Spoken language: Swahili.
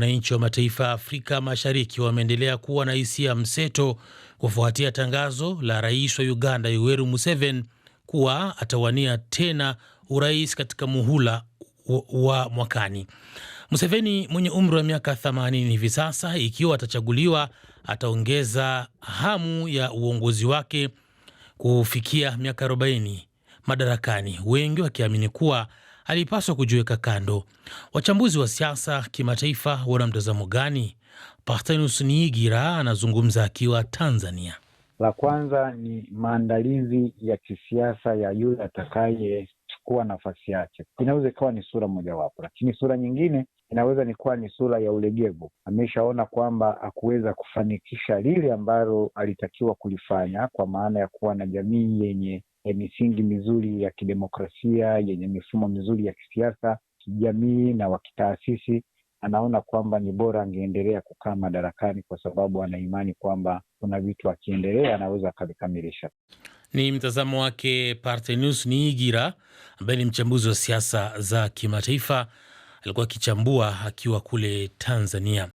Wananchi wa mataifa ya Afrika Mashariki wameendelea kuwa na hisia mseto kufuatia tangazo la rais wa Uganda Yoweri Museveni kuwa atawania tena urais katika muhula wa mwakani. Museveni mwenye umri wa miaka 80 hivi sasa, ikiwa atachaguliwa, ataongeza hamu ya uongozi wake kufikia miaka 40 madarakani, wengi wakiamini kuwa alipaswa kujiweka kando. Wachambuzi wa siasa kimataifa wana mtazamo gani? Partenus Niigira anazungumza akiwa Tanzania. La kwanza ni maandalizi ya kisiasa ya yule atakayechukua nafasi yake. Inaweza ikawa ni sura mojawapo, lakini sura nyingine inaweza nikuwa ni sura ya ulegevu. Ameshaona kwamba akuweza kufanikisha lile ambalo alitakiwa kulifanya, kwa maana ya kuwa na jamii yenye Eh, misingi mizuri ya kidemokrasia yenye mifumo mizuri ya kisiasa, kijamii na wakitaasisi anaona kwamba ni bora angeendelea kukaa madarakani kwa sababu anaimani kwamba kuna vitu akiendelea anaweza akavikamilisha. Ni mtazamo wake Partenus Niigira ambaye ni mchambuzi wa siasa za kimataifa, alikuwa akichambua akiwa kule Tanzania.